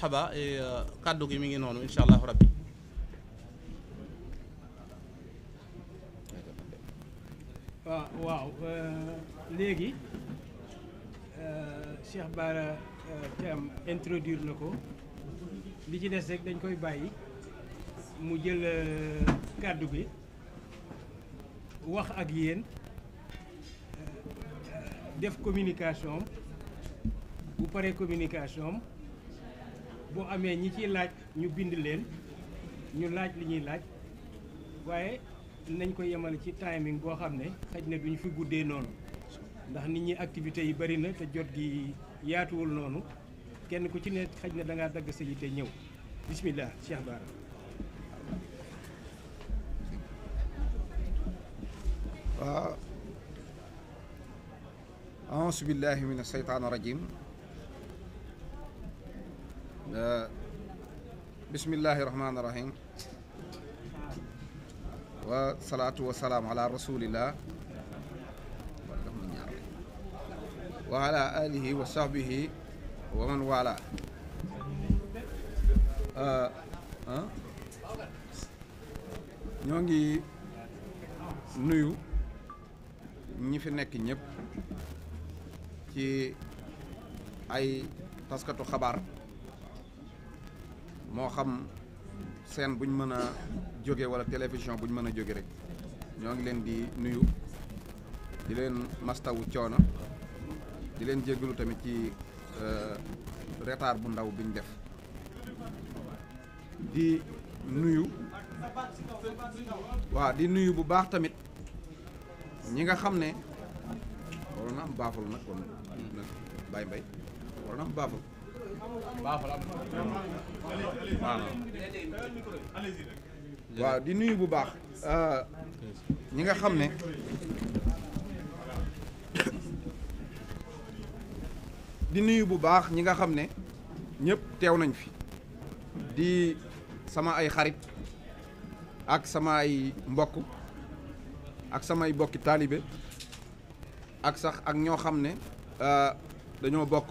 marhaba et euh, kàddu gi mi ngi noonu incha allahu rabbi ah, waaw waaw euh, léegi euh, Cheikh Bara Thiam introduire na ko li ci des rek dañ koy bàyyi mu jël kàddu gi wax ak yéen def communication bu paree communication boo amee ñi ciy laaj ñu bind leen ñu laaj li ñuy laaj waaye nañ ko yemale ci timing boo xam ne xaj na ñu fi guddee noonu ndax nit ñi activités yi bari na te jot gi yaatuwul noonu kenn ku ci ne xaj na danga dagg sa yite ñëw bismillah Cheikh Bara waaw auzu billahi min asheytaan rajim Uh, bismillahi rahmaani rahim wa salaatu wa salaam ala rasulillah wa ala alihi wa sahbihi wa man wala uh, ñoo ngi nuyu ñi fi nekk ñëpp ci ay taskatu xabaar moo xam seen buñ mën a jóge wala télévision buñ mën a jóge rek ñoo ngi leen di nuyu di leen mastawu coono di leen jéggalu tamit ci euh, retard bu ndaw bi ñu def di nuyu waaw di nuyu bu baax tamit ñi nga xam ne waroon na am baaful nag kon nag bàyyi mbay waroon na am baaful waaw euh, di nuyu bu baax ñi nga xam ne di nuyu bu baax ñi nga xam ne ñépp teew nañ fi di sama ay xarit ak sama ay mbokk ak samay bokki taalibe ak sax ak ñoo xam ne euh, dañoo bokk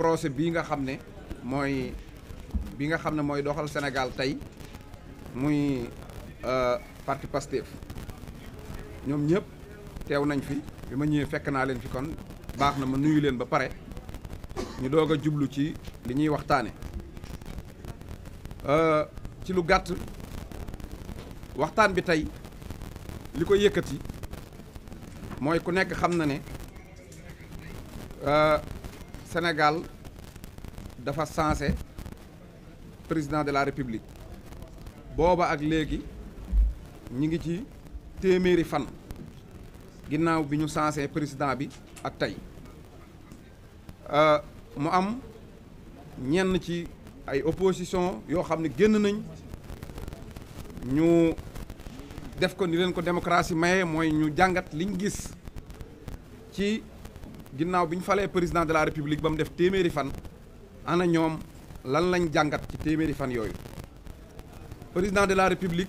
procès bii nga xam ne mooy bi nga xam ne mooy doxal Sénégal tey muy euh, parti Pastef ñoom ñëpp teew nañ fi bi ma ñëwee fekk naa leen fi kon baax na ma nuyu leen ba pare ñu doog a jublu ci li ñuy waxtaane euh, ci lu gàtt waxtaan bi tey li ko yëkkati mooy ku nekk xam na ne euh, Sénégal dafa censé président de la république booba ak léegi ñi ngi ci téeméeri fan ginnaaw bi ñu censé président bi ak tey euh, mu am ñenn ci ay opposition yoo xam ne génn nañ ñu def ko ni leen ko démocratie maye mooy ñu jàngat liñ gis ci ginnaaw bi ñu falee président de la république ba mu def téeméeri fan ana ñoom lan lañ jàngat ci téeméeri fan yooyu président de la république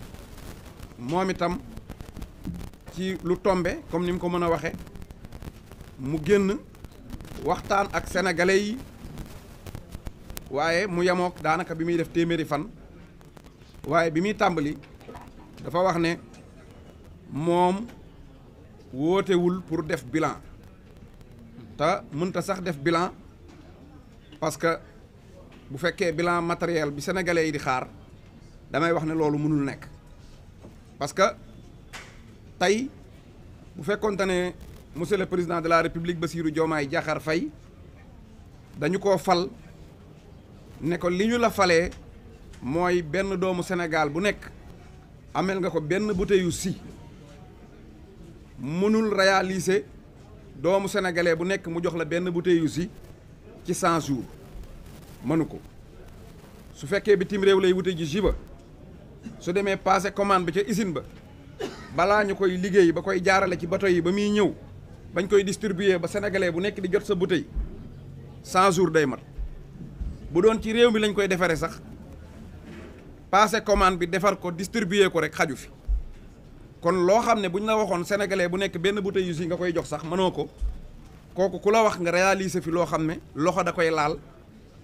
moom itam ci lu tombe comme ni mu ko mën a waxe mu génn waxtaan ak sénégalais yi waaye mu yemook daanaka bi muy def téeméeri fan waaye bi muy tàmbali dafa wax ne moom wootewul pour def bilan te mënta sax def bilan parce que bu fekkee bilan matériel bi sénégalais yi di xaar damay wax ne loolu mënul nekk parce que tey bu fekkonte ne monsieur le président de la république Bassirou Diomaye Diakhar Faye dañu ko fal ne ko li ñu la falee mooy benn doomu Sénégal bu nekk ameel nga ko benn bouteille yu si mënul réaliser doomu sénégalais bu nekk mu jox la benn bouteille si ci cent jours mënu ko su fekkee bitim réew lay wute ji ji ba su demee passé commande ba ca usine ba balaa ñu koy liggéey ba koy jaarale ci bato yi ba muy ñëw bañ koy distribuer ba sénégalais bu nekk di jot sa bouteille cent jours day mat bu doon ci réew mi lañ koy defaree sax passé commande bi defar ko distribuer ko rek xaju fi kon loo xam ne bu ñu la waxoon sénégalais bu nekk benn bouteille yu si nga koy jox sax mënoo ko kooku ku la wax nga réaliser fi loo xam ne loxo da koy laal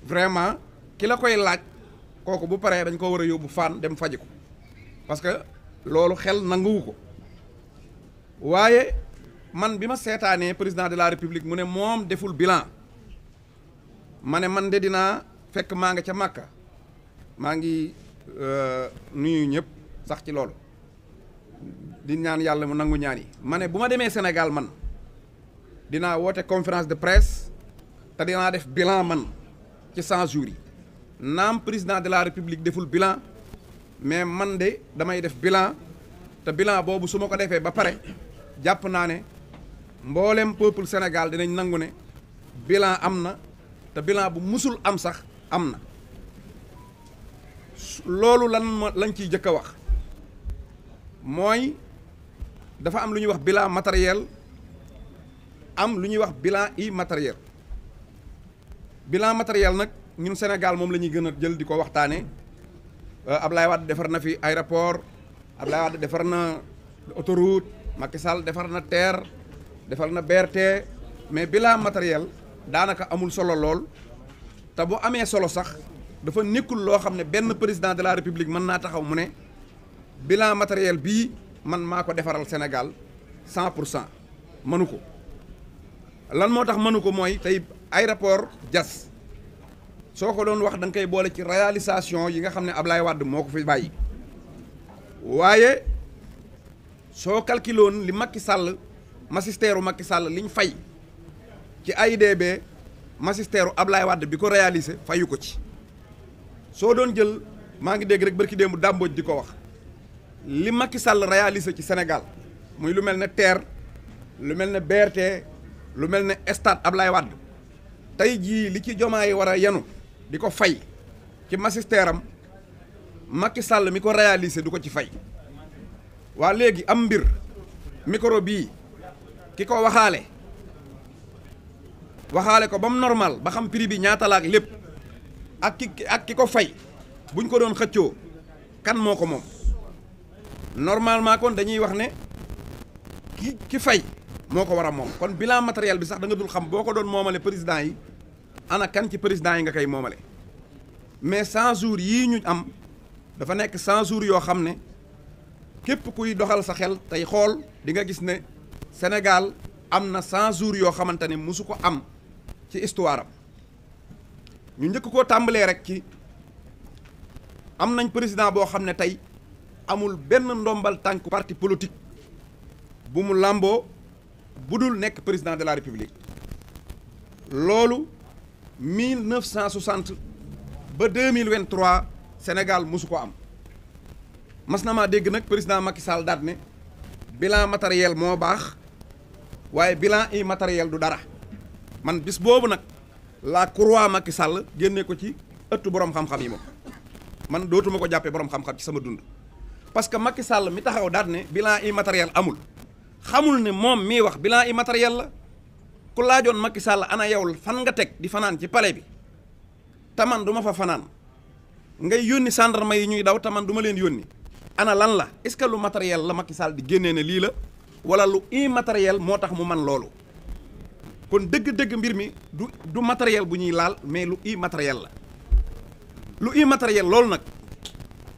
vraiment ki la koy laaj kooku bu paree dañ ko war a yóbbu faan dem faji ko parce que loolu xel nanguwu ko waaye man bi ma seetaanee président de la république mu ne moom deful bilan ma ne man de dinaa fekk maa nga ca makka maa ngi euh, nuyu ñëpp sax ci loolu di ñaan yàlla mu nangu ñaan yi ma ne bu ma demee Sénégal man dinaa woote conférence de presse te dinaa def bilan man ci 100 jours yi naam président de la république deful bilan mais man de damay def bilan te bilan boobu su ma ko defee ba pare jàpp naa ne mboolem peuple Sénégal dinañ nangu ne bilan am na te bilan bu musul am sax am na loolu lan ma lañ ciy jëkk a wax mooy dafa am lu ñuy wax bilan matériel am lu ñuy wax bilan immatériel bilan matériel nag ñun Sénégal moom la ñuy gën a jël di ko waxtaane euh, Ablaye Wade defar na fi aéroport Ablaye Wade defar na autoroute Macky Sall defar na terre defar na BRT mais bilan matériel daanaka amul solo lool te bu amee solo sax dafa nekkul loo xam ne benn président de la république mën naa taxaw mu ne bilan matériel bii man maa ko defaral senegal cent pour cent mënu ko lan moo tax mënu ko mooy tey aéroport jas soo ko doon wax da koy boole ci réalisation yi nga xam ne ab Ablaye wàdd moo ko fi bàyyi waaye soo calculé woon li Macky sàll magistère u sàll Sall liñ fay ci AIBD magistère u Ablaye Wade bi ko réalisé fayu ko ci soo doon jël maa ngi dégg rek barki démb dàmbooj di ko wax li makki sàll réalisé ci senegal muy lu mel ne TER lu mel ne berte lu mel ne stade Ablaye Wade tey jii li ci Diomaye war a yenu di ko fay ci magistère am sàll Sall mi ko réalisé du ko ci fay waa léegi am mbir micro bii ki ko waxaale waxaale ko ba mu normal ba xam bi ñaata la lépp ak ki ak ki ko fay buñ ko doon xëccoo kan moo ko moom normalement kon dañuy wax ne ki ki fay moo ko war a moom kon bilan matériel bi sax danga nga dul xam boo ko doon moomale président yi ana kan ci président yi nga koy moomale mais 100 jours yii ñu am dafa nekk 100 jours yoo xam ne képp kuy doxal sa xel tey xool di nga gis ne Sénégal am na 100 jours yoo xamante ne mosu ko am ci histoire am ñu njëkk koo tàmbalee rek ci am nañ président boo xam ne tey amul benn ndombal tànk parti politique bu mu làmboo bu dul nekk président de la république loolu 1960 ba 2023 Sénégal mosu ko am mas na maa dégg nag président Macky Sall daat ne bilan matériel moo baax waaye bilan immatériel du dara man bis boobu nag la croix Macky Sall génne ko ci ëttu borom xam-xam yi moom man dootuma ko jàppee borom xam-xam ci sama dund. parce que Macky Sall mi taxaw daat ne bilan immatériel amul xamul ne moom mii wax bilan immatériel la ku laajoon Macky Sall ana yow fan nga teg di fanaan ci palais bi taman du ma fa fanaan ngay yónni gendarme yi ñuy daw taman du ma leen yónni ana lan la est-ce que lu matériel la Macky Sall di génnee ne lii la wala lu immatériel moo tax mu man loolu kon dëgg-dëgg mbir mi du du matériel bu ñuy laal mais lu i immatériel la lu i immatériel loolu nag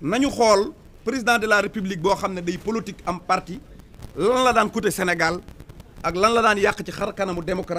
nañu xool président de la république boo xam ne day politique am parti lan la daan coûter Sénégal ak lan la daan yàq ci xar kanamu démocratie